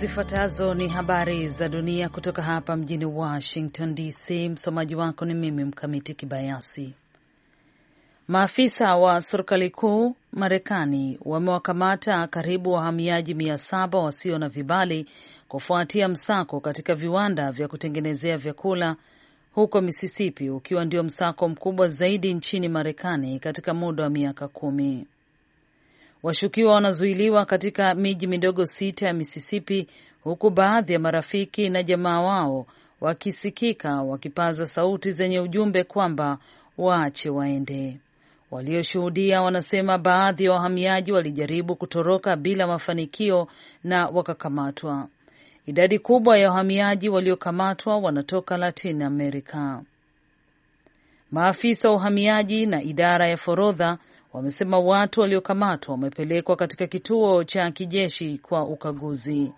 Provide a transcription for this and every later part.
Zifuatazo ni habari za dunia kutoka hapa mjini Washington DC. Msomaji wako ni mimi Mkamiti Kibayasi. Maafisa wa serikali kuu Marekani wamewakamata karibu wahamiaji mia saba wasio na vibali kufuatia msako katika viwanda vya kutengenezea vyakula huko Mississippi, ukiwa ndio msako mkubwa zaidi nchini Marekani katika muda wa miaka kumi. Washukiwa wanazuiliwa katika miji midogo sita ya Mississippi, huku baadhi ya marafiki na jamaa wao wakisikika wakipaza sauti zenye ujumbe kwamba waache waende. Walioshuhudia wanasema baadhi ya wahamiaji walijaribu kutoroka bila mafanikio na wakakamatwa. Idadi kubwa ya wahamiaji waliokamatwa wanatoka Latin America. Maafisa wa uhamiaji na idara ya forodha wamesema watu waliokamatwa wamepelekwa katika kituo cha kijeshi kwa ukaguzi.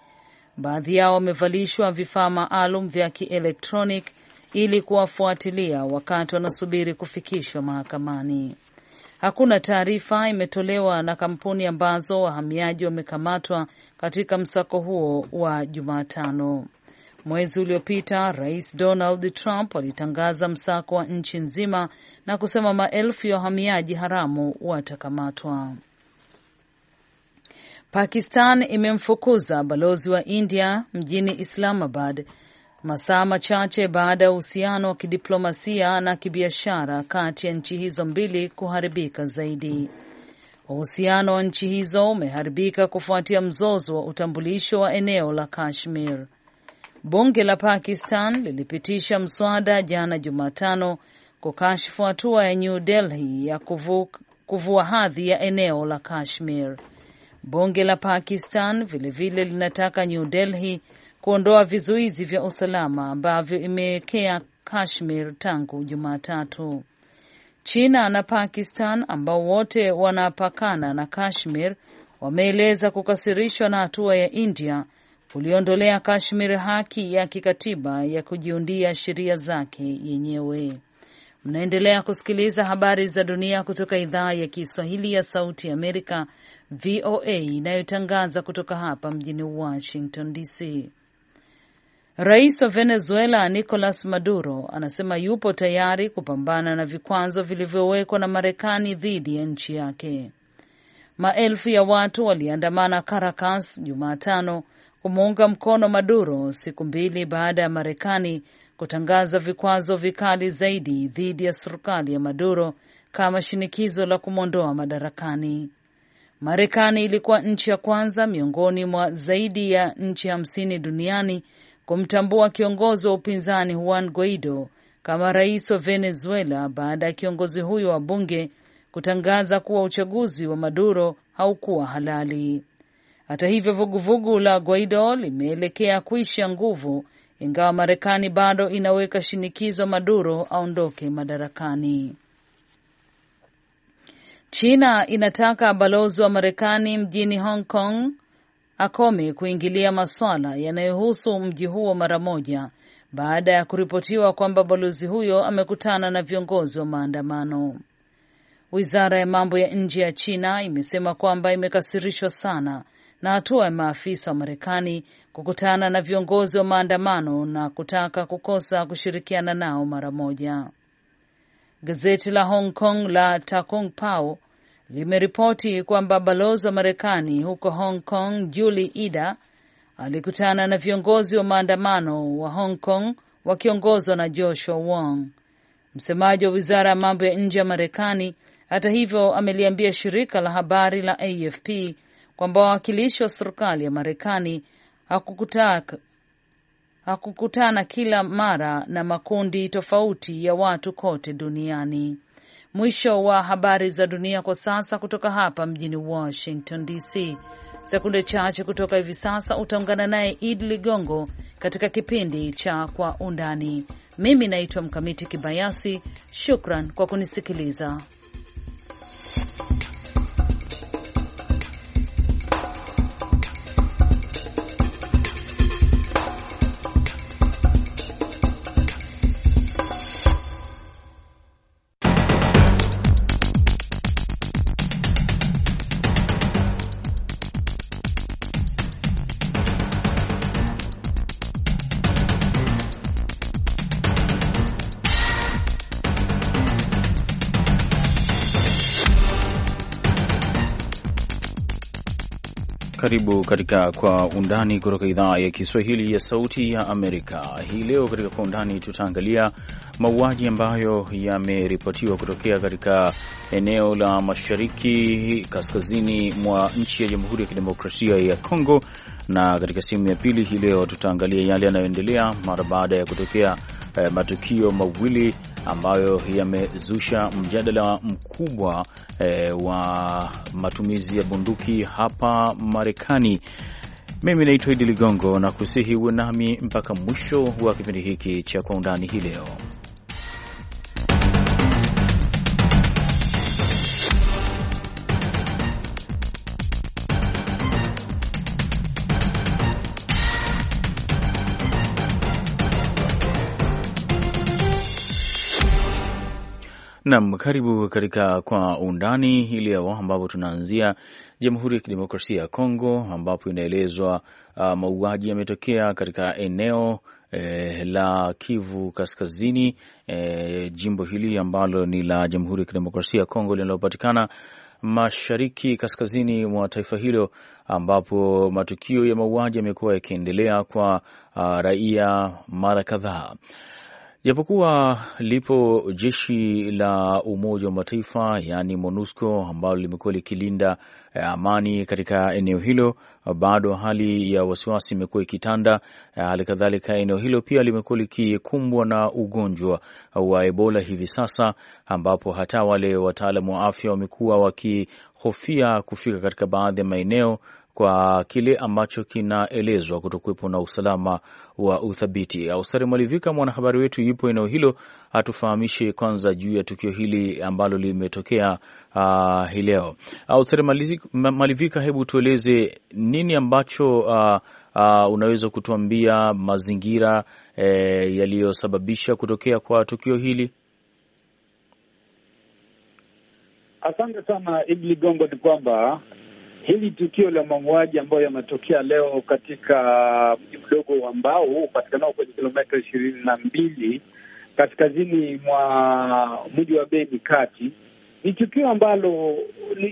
Baadhi yao wamevalishwa vifaa maalum vya kielektronik ili kuwafuatilia wakati wanasubiri kufikishwa mahakamani. Hakuna taarifa imetolewa na kampuni ambazo wahamiaji wamekamatwa katika msako huo wa Jumatano. Mwezi uliopita Rais Donald Trump alitangaza msako wa nchi nzima na kusema maelfu ya wahamiaji haramu watakamatwa. Pakistan imemfukuza balozi wa India mjini Islamabad masaa machache baada ya uhusiano wa kidiplomasia na kibiashara kati ya nchi hizo mbili kuharibika zaidi. Uhusiano wa nchi hizo umeharibika kufuatia mzozo wa utambulisho wa eneo la Kashmir. Bunge la Pakistan lilipitisha mswada jana Jumatano kukashifu hatua ya New Delhi ya kuvu, kuvua hadhi ya eneo la Kashmir. Bunge la Pakistan vilevile linataka New Delhi kuondoa vizuizi vya usalama ambavyo imewekea Kashmir tangu Jumatatu. China na Pakistan ambao wote wanapakana na Kashmir wameeleza kukasirishwa na hatua ya India uliondolea Kashmir haki ya kikatiba ya kujiundia sheria zake yenyewe. Mnaendelea kusikiliza habari za dunia kutoka idhaa ya Kiswahili ya Sauti Amerika, VOA, inayotangaza kutoka hapa mjini Washington DC. Rais wa Venezuela Nicolas Maduro anasema yupo tayari kupambana na vikwazo vilivyowekwa na Marekani dhidi ya nchi yake. Maelfu ya watu waliandamana Caracas Jumatano kumuunga mkono Maduro siku mbili baada ya Marekani kutangaza vikwazo vikali zaidi dhidi ya serikali ya Maduro kama shinikizo la kumwondoa madarakani. Marekani ilikuwa nchi ya kwanza miongoni mwa zaidi ya nchi hamsini duniani kumtambua kiongozi wa upinzani Juan Guaido kama rais wa Venezuela baada ya kiongozi huyo wa bunge kutangaza kuwa uchaguzi wa Maduro haukuwa halali. Hata hivyo, vuguvugu la Guaido limeelekea kuisha nguvu, ingawa Marekani bado inaweka shinikizo Maduro aondoke madarakani. China inataka balozi wa Marekani mjini Hong Kong akome kuingilia maswala yanayohusu mji huo mara moja baada ya kuripotiwa kwamba balozi huyo amekutana na viongozi wa maandamano. Wizara ya mambo ya nje ya China imesema kwamba imekasirishwa sana na hatua ya maafisa wa Marekani kukutana na viongozi wa maandamano na kutaka kukosa kushirikiana nao mara moja. Gazeti la Hong Kong la Takung Pao limeripoti kwamba balozi wa Marekani huko Hong Kong Julie Ida alikutana na viongozi wa maandamano wa Hong Kong wakiongozwa na Joshua Wong. Msemaji wa wizara ya mambo ya nje ya Marekani hata hivyo ameliambia shirika la habari la AFP kwamba wawakilishi wa serikali ya Marekani hakukutana kila mara na makundi tofauti ya watu kote duniani. Mwisho wa habari za dunia kwa sasa kutoka hapa mjini Washington DC. Sekunde chache kutoka hivi sasa utaungana naye id Ligongo katika kipindi cha Kwa Undani. Mimi naitwa Mkamiti Kibayasi. Shukran kwa kunisikiliza. Karibu katika Kwa Undani kutoka idhaa ya Kiswahili ya Sauti ya Amerika. Hii leo katika Kwa Undani tutaangalia mauaji ambayo yameripotiwa kutokea katika eneo la mashariki kaskazini mwa nchi ya Jamhuri ya Kidemokrasia ya Kongo, na katika sehemu ya pili hii leo tutaangalia yale yanayoendelea mara baada ya kutokea eh, matukio mawili ambayo yamezusha mjadala mkubwa eh, wa matumizi ya bunduki hapa Marekani. Mimi naitwa Idi Ligongo na kusihi uwe nami mpaka mwisho wa kipindi hiki cha Kwa Undani hii leo. Nam, karibu katika Kwa Undani hii leo, ambapo tunaanzia Jamhuri ya Kidemokrasia ya Kongo, ambapo inaelezwa uh, mauaji yametokea katika eneo eh, la Kivu Kaskazini, eh, jimbo hili ambalo ni la Jamhuri ya Kidemokrasia ya Kongo linalopatikana mashariki kaskazini mwa taifa hilo ambapo matukio ya mauaji yamekuwa yakiendelea kwa uh, raia mara kadhaa. Japokuwa lipo jeshi la Umoja wa Mataifa yaani MONUSCO ambalo limekuwa likilinda eh, amani katika eneo hilo, bado hali ya wasiwasi imekuwa ikitanda. Eh, hali kadhalika eneo hilo pia limekuwa likikumbwa na ugonjwa wa Ebola hivi sasa, ambapo hata wale wataalamu wa afya wamekuwa wakihofia kufika katika baadhi ya maeneo kwa kile ambacho kinaelezwa kutokuwepo na usalama wa uthabiti. Austari Malivika, mwanahabari wetu, yupo eneo hilo, atufahamishe kwanza juu ya tukio hili ambalo limetokea uh, hii leo. Austari Malivika, hebu tueleze nini ambacho uh, uh, unaweza kutuambia mazingira eh, yaliyosababisha kutokea kwa tukio hili? Asante sana Ibli Gongo, ni kwamba hili tukio la mauaji ambayo yametokea leo katika mji mdogo wa Mbao upatikanao kwenye kilometa ishirini na mbili kaskazini mwa mji wa Beni kati ni tukio ambalo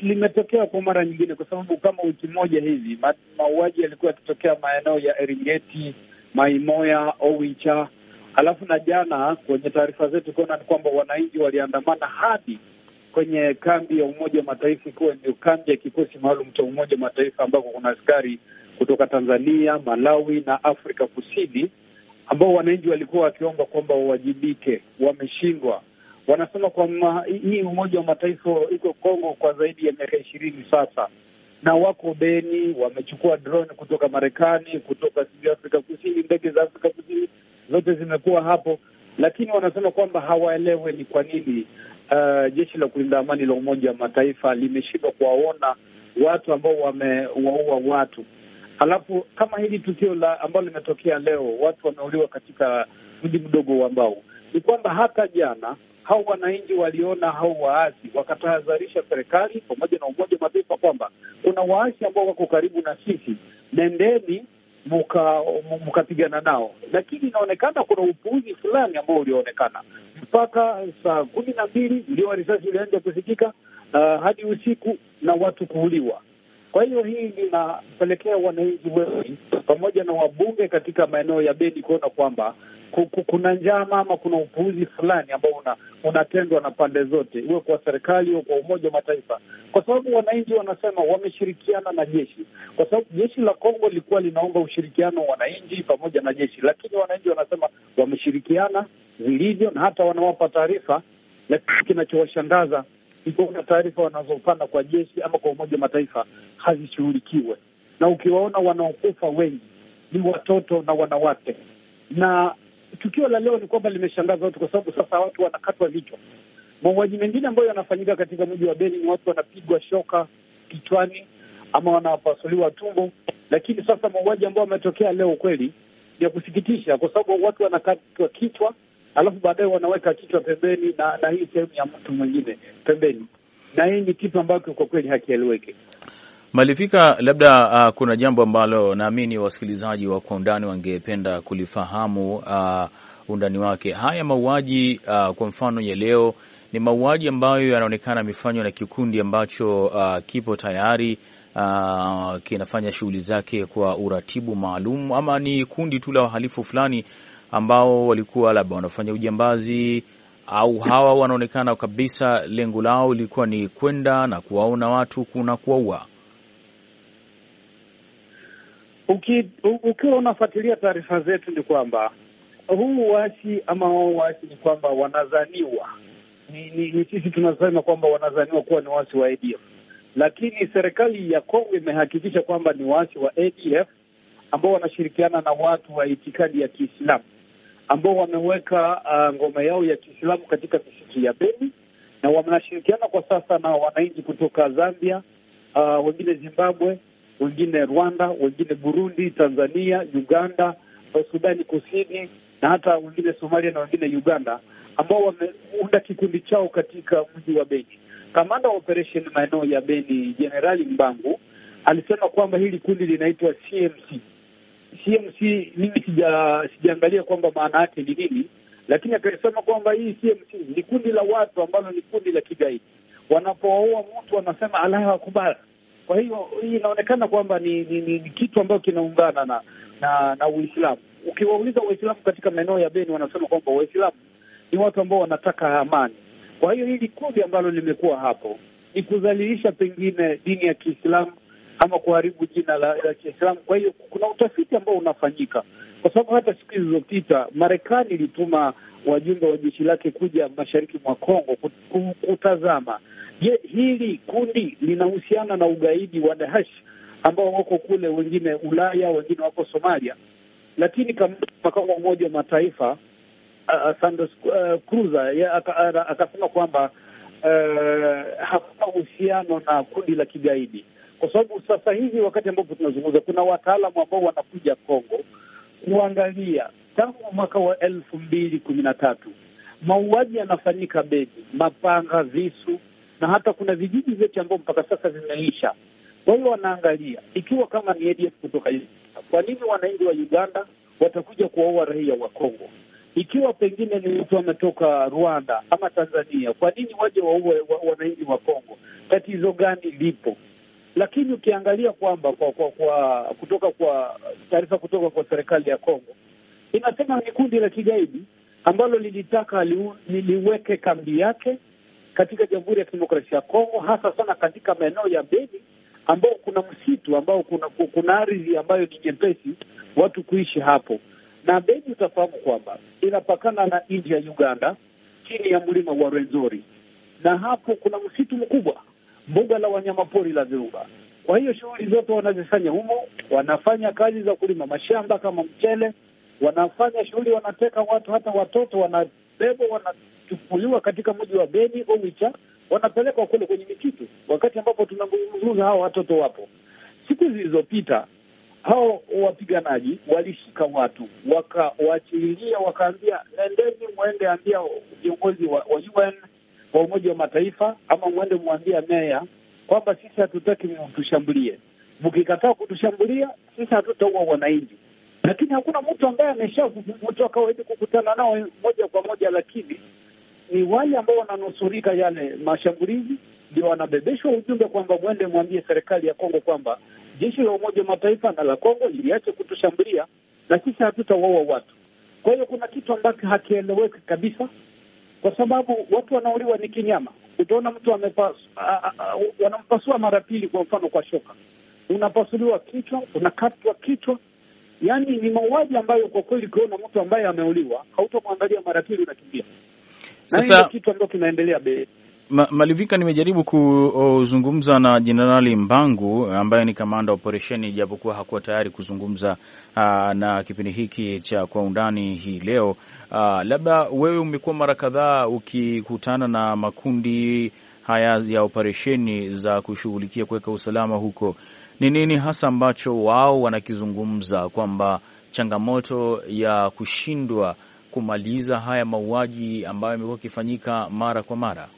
limetokea kwa mara nyingine, kwa sababu kama wiki moja hivi mauaji yalikuwa yakitokea maeneo ya Eringeti, Maimoya, Owicha, alafu na jana kwenye taarifa zetu kuona ni kwamba wananchi waliandamana hadi kwenye kambi ya Umoja wa Mataifa, ikiwa ndio kambi ya kikosi maalum cha Umoja wa Mataifa ambako kuna askari kutoka Tanzania, Malawi na Afrika Kusini ambao wananchi walikuwa wakiomba kwamba wawajibike, wameshindwa. Wanasema kwamba hii Umoja wa Mataifa iko Kongo kwa zaidi ya miaka ishirini sasa, na wako Beni, wamechukua drone kutoka Marekani, kutoka sijui Afrika Kusini, ndege za Afrika Kusini zote zimekuwa hapo, lakini wanasema kwamba hawaelewe ni kwa nini uh, jeshi la kulinda amani la Umoja wa Mataifa limeshindwa kuwaona watu ambao wamewaua watu. Alafu kama hili tukio la ambalo limetokea leo, watu wameuliwa katika mji mdogo wa Mbao, ni kwamba hata jana hao wananchi waliona hao waasi, wakatahadharisha serikali pamoja na Umoja wa Mataifa kwamba kuna waasi ambao wako karibu na sisi, nendeni mukapigana nao, lakini inaonekana kuna upuuzi fulani ambao ulioonekana mpaka saa kumi na mbili ndio risasi ilianza kusikika uh, hadi usiku na watu kuuliwa. Kwa hiyo hii linapelekea wananchi wengi pamoja na wabunge katika maeneo ya Beni kuona kwamba kuna njama ama kuna upuuzi fulani ambao una, unatendwa na pande zote, iwe kwa serikali au kwa Umoja wa Mataifa, kwa sababu wananchi wanasema wameshirikiana na jeshi, kwa sababu jeshi la Kongo lilikuwa linaomba ushirikiano wananchi pamoja na jeshi, lakini wananchi wanasema wameshirikiana vilivyo, na hata wanawapa taarifa, lakini kinachowashangaza kuona taarifa wanazopanda kwa jeshi ama kwa Umoja wa Mataifa hazishughulikiwe, na ukiwaona wanaokufa wengi ni watoto na wanawake. Na tukio la leo ni kwamba limeshangaza watu, kwa sababu sasa watu wanakatwa vichwa. Mauaji mengine ambayo yanafanyika katika mji wa Beni ni watu wanapigwa shoka kichwani ama wanapasuliwa tumbo, lakini sasa mauaji ambayo ametokea leo kweli ya kusikitisha, kwa sababu watu wanakatwa kichwa alafu baadaye wanaweka kichwa pembeni na, na hii sehemu ya mtu mwingine pembeni, na hii ni kitu ambacho kwa kweli hakieleweki. Malifika, labda uh, kuna jambo ambalo naamini wasikilizaji wa Kwa Undani wangependa kulifahamu uh, undani wake. Haya mauaji uh, kwa mfano ya leo ni mauaji ambayo yanaonekana yamefanywa na kikundi ambacho uh, kipo tayari uh, kinafanya shughuli zake kwa uratibu maalum, ama ni kundi tu la wahalifu fulani ambao walikuwa labda wanafanya ujambazi au hawa wanaonekana kabisa lengo lao lilikuwa ni kwenda na kuwaona watu kuna kuwaua. Ukiwa unafuatilia taarifa zetu, ni kwamba huu uasi ama wao waasi ni kwamba wanazaniwa ni, ni, ni sisi tunasema kwamba wanazaniwa kuwa ni waasi wa ADF, lakini serikali ya Kongo imehakikisha kwamba ni waasi wa ADF ambao wanashirikiana na watu wa itikadi ya Kiislamu ambao wameweka uh, ngoma yao ya Kiislamu katika misitu ya Beni na wanashirikiana kwa sasa na wananchi kutoka Zambia, uh, wengine Zimbabwe, wengine Rwanda, wengine Burundi, Tanzania, Uganda, uh, Sudani Kusini na hata wengine Somalia na wengine Uganda ambao wameunda kikundi chao katika mji wa Beni. Kamanda wa operation maeneo ya Beni Jenerali Mbangu alisema kwamba hili kundi linaitwa CMC CMC mimi sija sijaangalia kwamba maana yake ni nini, lakini akasema kwamba hii CMC ni kundi la watu ambalo ni kundi la kigaidi, wanapowaua mtu wanasema Allahu akbar. Kwa hiyo hii inaonekana kwamba ni, ni, ni, ni kitu ambacho kinaungana na na, na Uislamu. Ukiwauliza Waislamu katika maeneo ya Beni wanasema kwamba Waislamu ni watu ambao wanataka amani. Kwa hiyo hili kundi ambalo limekuwa hapo ni kudhalilisha pengine dini ya Kiislamu ama kuharibu jina la, la Kiislamu. Kwa hiyo kuna utafiti ambao unafanyika, kwa sababu hata siku zilizopita Marekani ilituma wajumbe wa jeshi lake kuja mashariki mwa Kongo kutazama, je, hili kundi linahusiana na ugaidi wa Daesh ambao wako kule, wengine Ulaya, wengine wako Somalia. Lakini makamu wa Umoja wa Mataifa uh, Sanders uh, Cruz akasema kwamba uh, hakuna uhusiano na kundi la kigaidi kwa sababu sasa hivi wakati ambapo tunazungumza, kuna wataalamu ambao wanakuja Kongo kuangalia tangu mwaka wa elfu mbili kumi na tatu mauaji yanafanyika Beni, mapanga, visu na hata kuna vijiji vyote ambao mpaka sasa vimeisha. Kwa hiyo wanaangalia ikiwa kama ni ADF kutoka Uganda, kwa nini wananchi wa Uganda watakuja kuwaua raia wa Kongo? Ikiwa pengine ni mtu ametoka Rwanda ama Tanzania, kwa nini waje waue wananchi wa Kongo? Tatizo gani lipo? Lakini ukiangalia kwamba kwa, kwa, kwa kutoka kwa taarifa kutoka kwa serikali ya Kongo inasema ni kundi la kigaidi ambalo lilitaka liu, liliweke kambi yake katika Jamhuri ya Kidemokrasia ya Kongo, hasa sana katika maeneo ya Beni ambao kuna msitu ambao kuna, kuna ardhi ambayo ni nyepesi watu kuishi hapo, na Beni utafahamu kwamba inapakana na nchi ya Uganda chini ya mlima wa Rwenzori, na hapo kuna msitu mkubwa mbuga la wanyamapori la Virunga. Kwa hiyo shughuli zote wanazifanya humo, wanafanya kazi za kulima mashamba kama mchele, wanafanya shughuli, wanateka watu, hata watoto wanabebwa, wanachukuliwa katika mji wa Beni Owicha, wanapelekwa kule kwenye misitu, wakati ambapo tunazungumza hawa watoto wapo. Siku zilizopita hao wapiganaji walishika watu wakawachilia wakaambia nendeni, mwende ambia viongozi wa, wa UN wa Umoja wa Mataifa ama mwende mwambia meya kwamba sisi hatutaki mtushambulie, mkikataa kutushambulia sisi hatutaua wananchi. Lakini hakuna mtu ambaye ameshamtu akawezi kukutana nao moja kwa moja, lakini ni wale ambao wananusurika yale mashambulizi ndio wanabebeshwa ujumbe kwamba mwende mwambie serikali ya Kongo kwamba jeshi la Umoja wa Mataifa na la Kongo liache kutushambulia na sisi hatutawaua watu. Kwa hiyo kuna kitu ambacho hakieleweki kabisa, kwa sababu watu wanauliwa ni kinyama. Utaona mtu wanampasua mara pili, kwa mfano kwa shoka, unapasuliwa kichwa, unakatwa kichwa. Yaani ni mauaji ambayo kwa kweli, ukiona mtu ambaye ameuliwa hautamwangalia mara pili, unakimbia. Sasa kitu ambacho kinaendelea be Ma, Malivika, nimejaribu kuzungumza na Jenerali Mbangu ambaye ni kamanda operesheni, japokuwa hakuwa tayari kuzungumza aa, ah, na kipindi hiki cha kwa undani hii leo. Ah, labda wewe umekuwa mara kadhaa ukikutana na makundi haya ya operesheni za kushughulikia kuweka usalama huko, ni nini hasa ambacho wao wanakizungumza kwamba changamoto ya kushindwa kumaliza haya mauaji ambayo yamekuwa ikifanyika mara kwa mara?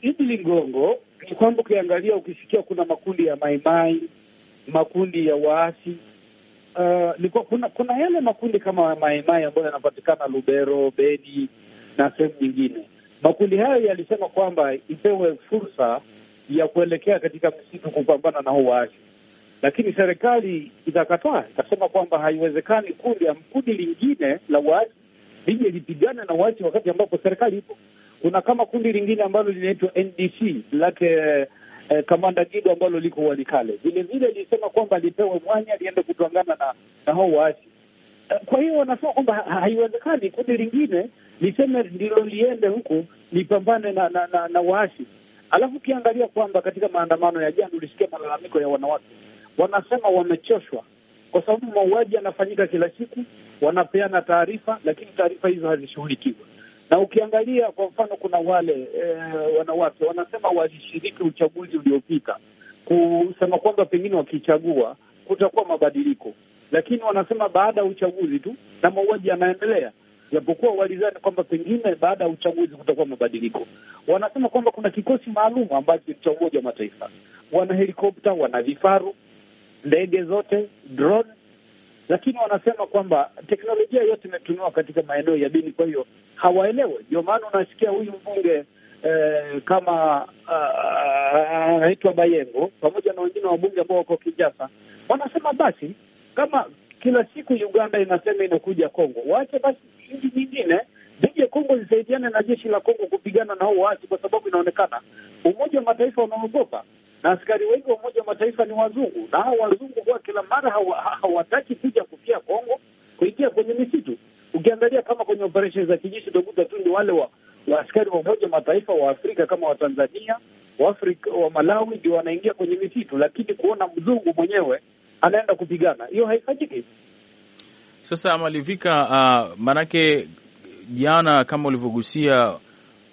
hivi uh, Ligongo, ni kwamba ukiangalia, ukisikia kuna makundi ya maimai, makundi ya waasi uh, kuna kuna yale makundi kama maimai ambayo yanapatikana Lubero, Beni na sehemu nyingine. Makundi hayo yalisema kwamba ipewe fursa ya kuelekea katika msitu kupambana na huu waasi, lakini serikali itakataa ikasema kwamba haiwezekani kundi kundi lingine la waasi lije lipigane na waasi wakati ambapo serikali ipo. Kuna kama kundi lingine ambalo linaitwa NDC lake eh, eh, kamanda Gido ambalo liko Walikale, vilevile lilisema kwamba lipewe mwanya liende kutangana na, na hao waasi. Eh, kwa hiyo wanasema kwamba haiwezekani kundi lingine liseme ndilo liende huku lipambane na, na, na, na waasi. Alafu ukiangalia kwamba katika maandamano ya jana ulisikia malalamiko ya wanawake, wanasema wamechoshwa kwa sababu mauaji yanafanyika kila siku, wanapeana taarifa, lakini taarifa hizo hazishughulikiwa na ukiangalia kwa mfano, kuna wale e, wanawake wanasema walishiriki uchaguzi uliopita kusema kwamba pengine wakichagua kutakuwa mabadiliko, lakini wanasema baada ya uchaguzi tu na mauaji yanaendelea, japokuwa walizani kwamba pengine baada ya uchaguzi kutakuwa mabadiliko. Wanasema kwamba kuna kikosi maalum ambacho cha Umoja wa Mataifa, wana helikopta, wana vifaru, ndege zote drone lakini wanasema kwamba teknolojia yote imetumiwa katika maeneo ya dini, kwa hiyo hawaelewe. Ndio maana unasikia huyu mbunge eh, kama ah, anaitwa Bayengo pamoja na wengine wabunge ambao wako Kinshasa wanasema basi, kama kila siku Uganda inasema inakuja Kongo, waache basi nchi nyingine dhidi ya Kongo zisaidiane na jeshi la Kongo kupigana na hao waasi, kwa sababu inaonekana Umoja wa Mataifa unaogopa na askari wengi wa Umoja wa Mataifa ni wazungu, na hao wazungu huwa kila mara hawataki kuja kufia Kongo, kuingia kwenye misitu. Ukiangalia kama kwenye operesheni za kijeshi utakuta tu ni wale wa, wa askari wa Umoja wa Mataifa wa Afrika kama wa Tanzania, wa Afrika, wa Malawi ndio wanaingia kwenye misitu, lakini kuona mzungu mwenyewe anaenda kupigana, hiyo haifanyiki. Sasa Malivika, uh, ah, maanake jana kama ulivyogusia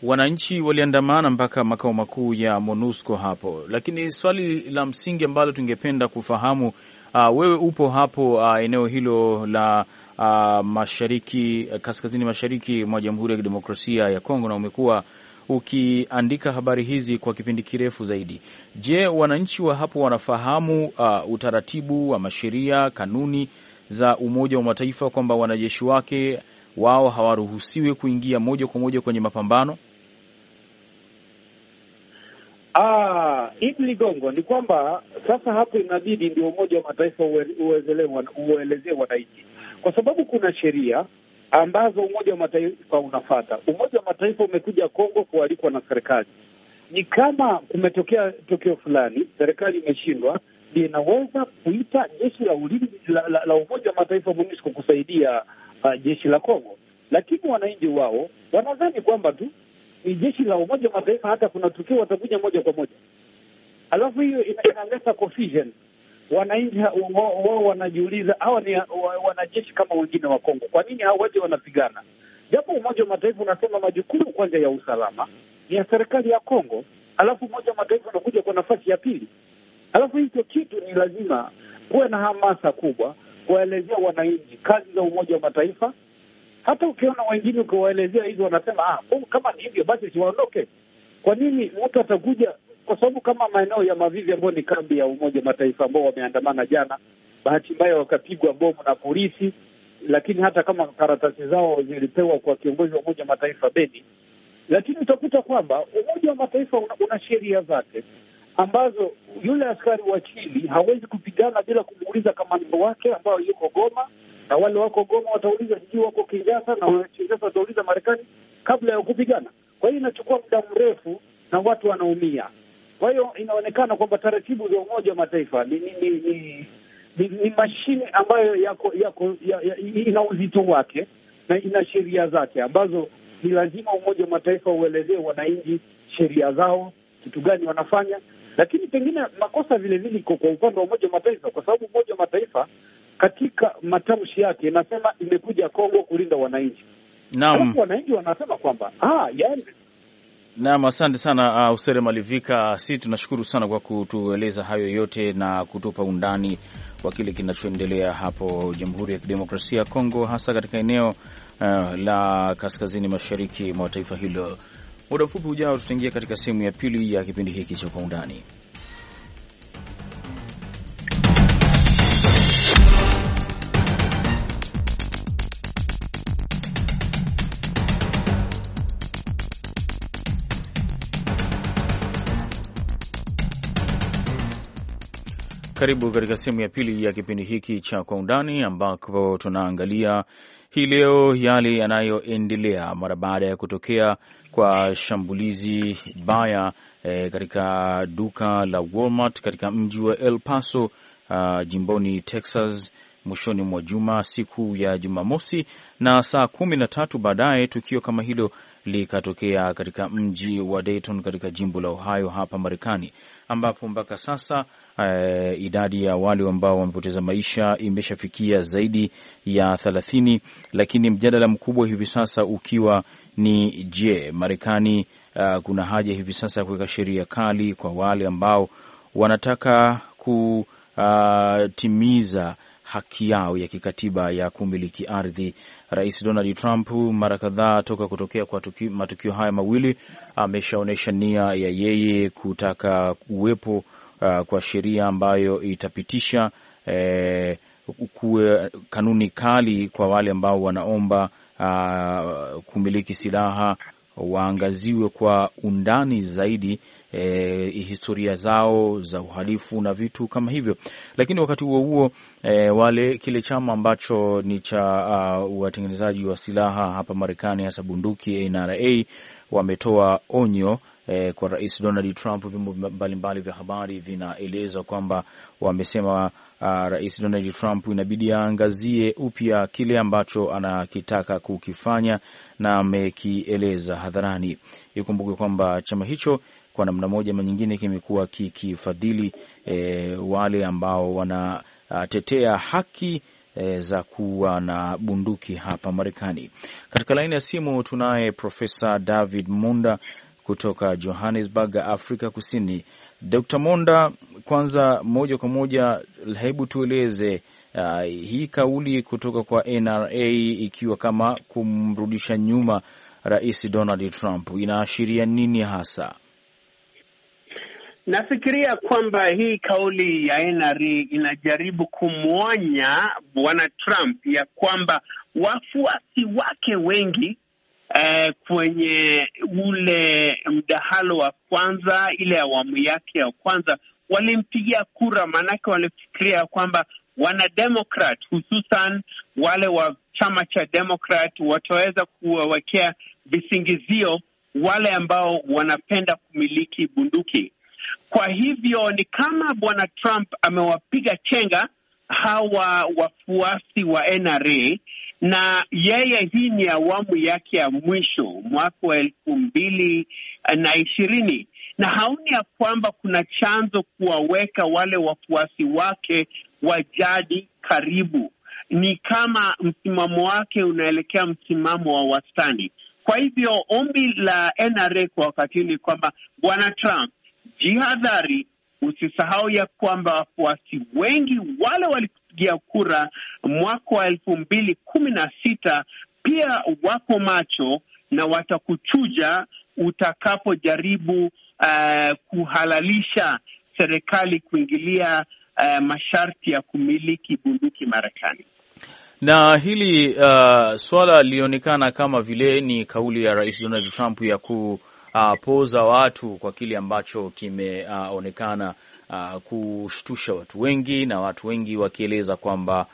wananchi waliandamana mpaka makao makuu ya MONUSCO hapo. Lakini swali la msingi ambalo tungependa kufahamu uh, wewe upo hapo uh, eneo hilo la uh, mashariki uh, kaskazini mashariki mwa Jamhuri ya Kidemokrasia ya Kongo na umekuwa ukiandika habari hizi kwa kipindi kirefu zaidi. Je, wananchi wa hapo wanafahamu uh, utaratibu wa masheria, kanuni za Umoja wa Mataifa kwamba wanajeshi wake wao hawaruhusiwi kuingia moja kwa moja kwenye mapambano? Ah, Idi Ligongo, ni kwamba sasa hapo inabidi ndio Umoja wa Mataifa uelezee wananchi, kwa sababu kuna sheria ambazo Umoja wa Mataifa unafata. Umoja wa Mataifa umekuja Kongo kualikwa na serikali. Ni kama kumetokea tokeo fulani, serikali imeshindwa, ndio inaweza kuita jeshi la ulinzi la, la, la Umoja wa Mataifa MONUSCO kusaidia uh, jeshi la Kongo, lakini wananchi wao wanadhani kwamba tu ni jeshi la Umoja wa Mataifa, hata kuna tukio watakuja moja kwa moja. Alafu hiyo inaleta confusion, wananchi wao wanajiuliza, hawa ni wanajeshi kama wengine wa Kongo, kwa nini hao waje wanapigana? Japo Umoja wa Mataifa unasema majukumu kwanza ya usalama ni ya serikali ya Kongo, alafu Umoja wa Mataifa unakuja kwa nafasi ya pili. Alafu hicho kitu ni lazima kuwe na hamasa kubwa kuwaelezea wananchi kazi za Umoja wa Mataifa hata ukiona wengine ukiwaelezea hizo, wanasema ah, Mungu kama ni hivyo basi siwaondoke. Kwa nini mtu atakuja? Kwa sababu kama maeneo ya Mavivi ambayo ni kambi ya Umoja Mataifa ambao wameandamana jana, bahati mbaya wakapigwa bomu na polisi, lakini hata kama karatasi zao zilipewa kwa kiongozi wa Umoja Mataifa Beni, lakini utakuta kwamba Umoja wa Mataifa una, una sheria zake ambazo yule askari wa Chili hawezi kupigana bila kumuuliza kamando wake ambayo yuko Goma na wale wako Goma watauliza sijui wako Kinshasa na Kinshasa watauliza Marekani kabla ya kupigana. Kwa hiyo inachukua muda mrefu na watu wanaumia. Kwa hiyo inaonekana kwamba taratibu za Umoja wa Mataifa ni ni, ni, ni, ni, ni mashine ambayo yako yako ya, ya, ina uzito wake na ina sheria zake ambazo ni lazima Umoja wa Mataifa uelezee wananchi sheria zao, kitu gani wanafanya lakini pengine makosa vile vile iko kwa upande wa Umoja wa Mataifa, kwa sababu Umoja wa Mataifa katika matamshi yake inasema imekuja Kongo kulinda wananchi. Naam, wananchi wanasema kwamba ah, yani Naam, asante sana uh, Usere Malivika, si tunashukuru sana kwa kutueleza hayo yote na kutupa undani wa kile kinachoendelea hapo Jamhuri ya Kidemokrasia ya Kongo, hasa katika eneo uh, la kaskazini mashariki mwa taifa hilo. Muda mfupi ujao tutaingia katika sehemu ya pili ya kipindi hiki cha Kwa Undani. Karibu katika sehemu ya pili ya kipindi hiki cha Kwa Undani, ambapo tunaangalia hii leo yale yanayoendelea mara baada ya kutokea kwa shambulizi baya e, katika duka la Walmart katika mji wa El Paso uh, jimboni Texas mwishoni mwa juma siku ya Jumamosi, na saa kumi na tatu baadaye tukio kama hilo likatokea katika mji wa Dayton katika jimbo la Ohio hapa Marekani, ambapo mpaka sasa eh, idadi ya wale ambao wamepoteza maisha imeshafikia zaidi ya thelathini, lakini mjadala mkubwa hivi sasa ukiwa ni je, Marekani uh, kuna haja hivi sasa ya kuweka sheria kali kwa wale ambao wanataka kutimiza ah, haki yao ya kikatiba ya kumiliki ardhi. Rais Donald Trump mara kadhaa toka kutokea kwa tuki, matukio haya mawili ameshaonyesha nia ya yeye kutaka kuwepo uh, kwa sheria ambayo itapitisha eh, kuwe kanuni kali kwa wale ambao wanaomba uh, kumiliki silaha waangaziwe kwa undani zaidi e, historia zao za uhalifu na vitu kama hivyo. Lakini wakati huo huo e, wale kile chama ambacho ni cha uh, watengenezaji wa silaha hapa Marekani, hasa bunduki NRA, wametoa onyo e, kwa Rais Donald Trump. Vyombo mbalimbali vya habari vinaeleza kwamba wamesema uh, Rais Donald Trump inabidi aangazie upya kile ambacho anakitaka kukifanya na amekieleza hadharani. Ikumbuke kwamba chama hicho kwa namna moja ama nyingine kimekuwa kikifadhili e, wale ambao wanatetea haki e, za kuwa na bunduki hapa Marekani. Katika laini ya simu tunaye Profesa David Munda kutoka Johannesburg, Afrika Kusini. Dr. Monda, kwanza moja kwa moja, hebu tueleze uh, hii kauli kutoka kwa NRA ikiwa kama kumrudisha nyuma Rais Donald Trump inaashiria nini hasa? Nafikiria kwamba hii kauli ya nra inajaribu kumwonya bwana Trump ya kwamba wafuasi wake wengi eh, kwenye ule mdahalo wa kwanza, ile awamu yake ya kwanza, walimpigia kura, maanake walifikiria kwamba wanademokrat hususan wale wa chama cha Demokrat wataweza kuwawekea visingizio wale ambao wanapenda kumiliki bunduki kwa hivyo ni kama bwana Trump amewapiga chenga hawa wafuasi wa NRA na yeye, hii ni awamu yake ya mwisho mwaka wa elfu mbili na ishirini na haoni ya kwamba kuna chanzo kuwaweka wale wafuasi wake wa jadi karibu. Ni kama msimamo wake unaelekea msimamo wa wastani. Kwa hivyo ombi la NRA kwa wakati huu ni kwamba bwana Trump jihadhari, usisahau ya kwamba wafuasi wengi wale walikupigia kura mwaka wa elfu mbili kumi na sita pia wako macho na watakuchuja utakapojaribu uh, kuhalalisha serikali kuingilia uh, masharti ya kumiliki bunduki Marekani na hili uh, swala lilionekana kama vile ni kauli ya Rais Donald Trump ya ku uh, poza watu kwa kile ambacho kimeonekana uh, uh, kushtusha watu wengi na watu wengi wakieleza kwamba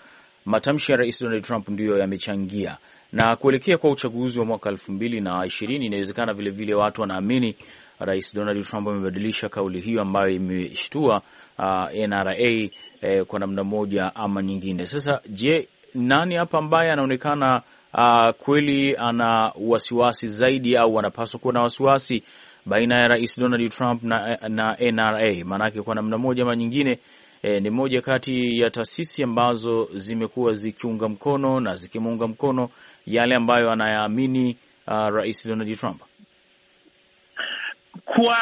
matamshi ya Rais Donald Trump ndiyo yamechangia na kuelekea kwa uchaguzi wa mwaka elfu mbili na ishirini. Inawezekana vilevile watu wanaamini Rais Donald Trump amebadilisha kauli hiyo ambayo imeshtua uh, ah, NRA eh, kwa namna moja ama nyingine. Sasa je, nani hapa ambaye anaonekana uh, kweli ana wasiwasi zaidi au anapaswa kuwa na wasiwasi baina ya Rais Donald Trump na, na NRA? Maanake kwa namna moja ama nyingine E, ni moja kati ya taasisi ambazo zimekuwa zikiunga mkono na zikimuunga mkono yale ambayo anayaamini uh, Rais Donald Trump. Kwa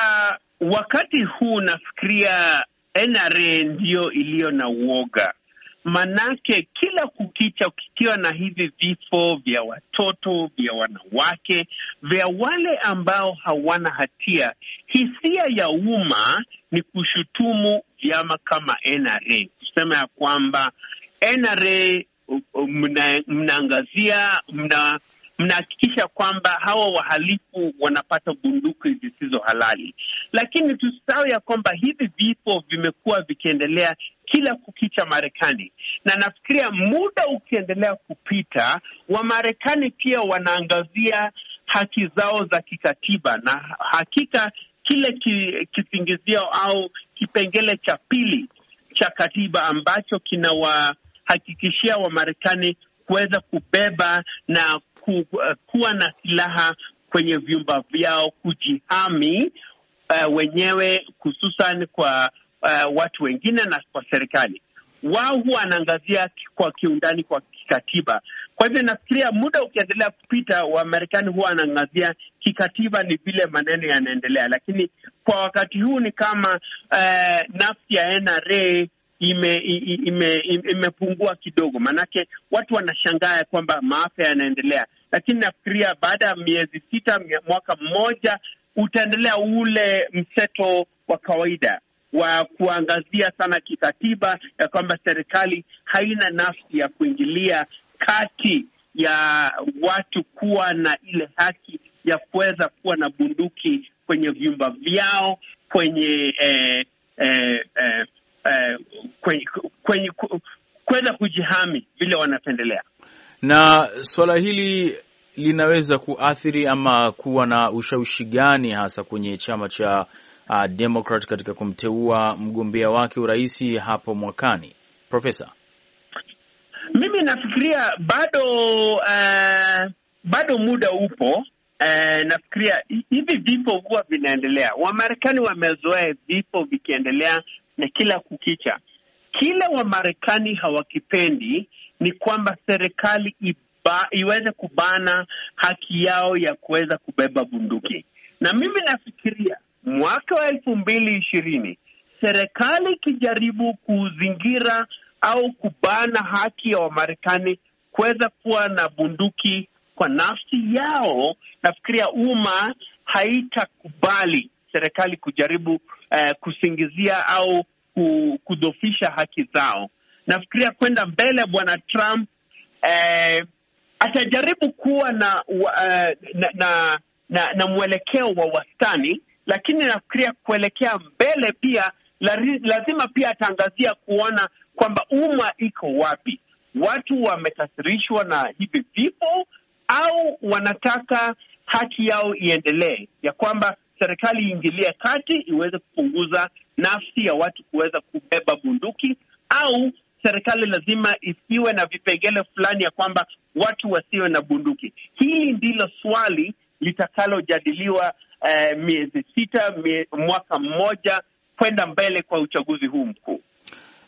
wakati huu nafikiria NRA ndiyo iliyo na uoga Manake kila kukicha kukiwa na hivi vifo vya watoto, vya wanawake, vya wale ambao hawana hatia, hisia ya umma ni kushutumu vyama kama NRA, kusema ya kwamba NRA mnaangazia mna mnahakikisha kwamba hawa wahalifu wanapata bunduki zisizo halali, lakini tusisahau ya kwamba hivi vifo vimekuwa vikiendelea kila kukicha Marekani, na nafikiria muda ukiendelea kupita, Wamarekani pia wanaangazia haki zao za kikatiba, na hakika kile ki, kisingizio au kipengele cha pili cha katiba ambacho kinawahakikishia Wamarekani kuweza kubeba na ku, uh, kuwa na silaha kwenye vyumba vyao kujihami uh, wenyewe hususan kwa uh, watu wengine na kwa serikali. Wao huwa wanaangazia kwa kiundani kwa kikatiba. Kwa hivyo nafikiria muda ukiendelea kupita, Wamarekani huwa wanaangazia kikatiba ni vile maneno yanaendelea, lakini kwa wakati huu ni kama uh, nafsi ya NRA imepungua ime, ime, ime kidogo, maanake watu wanashangaa ya kwamba maafa yanaendelea lakini nafikiria baada ya miezi sita, mwaka mmoja, utaendelea ule mseto wa kawaida wa kuangazia sana kikatiba ya kwamba serikali haina nafsi ya kuingilia kati ya watu kuwa na ile haki ya kuweza kuwa na bunduki kwenye vyumba vyao, kwenye eh, eh, eh, eh, kwenye kuweza kujihami vile wanapendelea. Na swala hili linaweza kuathiri ama kuwa na ushawishi gani hasa kwenye chama cha uh, Democrat katika kumteua mgombea wake urais hapo mwakani, Profesa? Mimi nafikiria bado uh, bado muda upo. Uh, nafikiria hivi vifo huwa vinaendelea. Wamarekani wamezoea vifo vikiendelea na kila kukicha, kila Wamarekani hawakipendi ni kwamba serikali iba, iweze kubana haki yao ya kuweza kubeba bunduki, na mimi nafikiria mwaka wa elfu mbili ishirini serikali ikijaribu kuzingira au kubana haki ya Wamarekani kuweza kuwa na bunduki kwa nafsi yao, nafikiria umma haitakubali serikali kujaribu uh, kusingizia au kudhofisha haki zao nafikiria kwenda mbele, bwana Trump eh, atajaribu kuwa na, uh, na, na, na, na mwelekeo wa wastani, lakini nafikiria kuelekea mbele pia lazima pia ataangazia kuona kwamba umma iko wapi, watu wametasirishwa na hivi vifo au wanataka haki yao iendelee, ya kwamba serikali iingilie kati iweze kupunguza nafsi ya watu kuweza kubeba bunduki au serikali lazima isiwe na vipengele fulani ya kwamba watu wasiwe na bunduki. Hili ndilo swali litakalojadiliwa eh, miezi sita mie, mwaka mmoja kwenda mbele kwa uchaguzi huu mkuu.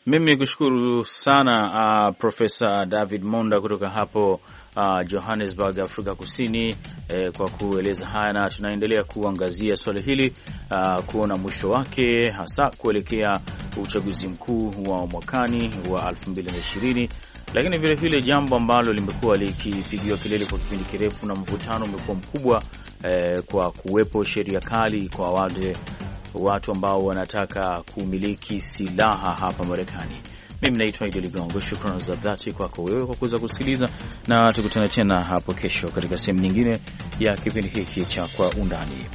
Mimi kushukuru sana uh, Profesa David Monda kutoka hapo uh, Johannesburg, Afrika Kusini eh, kwa kueleza haya, na tunaendelea kuangazia swali hili uh, kuona mwisho wake, hasa kuelekea uchaguzi mkuu wa mwakani wa 2020 lakini vilevile jambo ambalo limekuwa likipigiwa kelele kwa kipindi kirefu na mvutano umekuwa mkubwa eh, kwa kuwepo sheria kali kwa wale watu ambao wanataka kumiliki silaha hapa Marekani. Mimi naitwa Idi Ligongo. Shukrani za dhati kwako wewe kwa kuweza kusikiliza, na tukutane tena hapo kesho katika sehemu nyingine ya kipindi hiki cha Kwa Undani.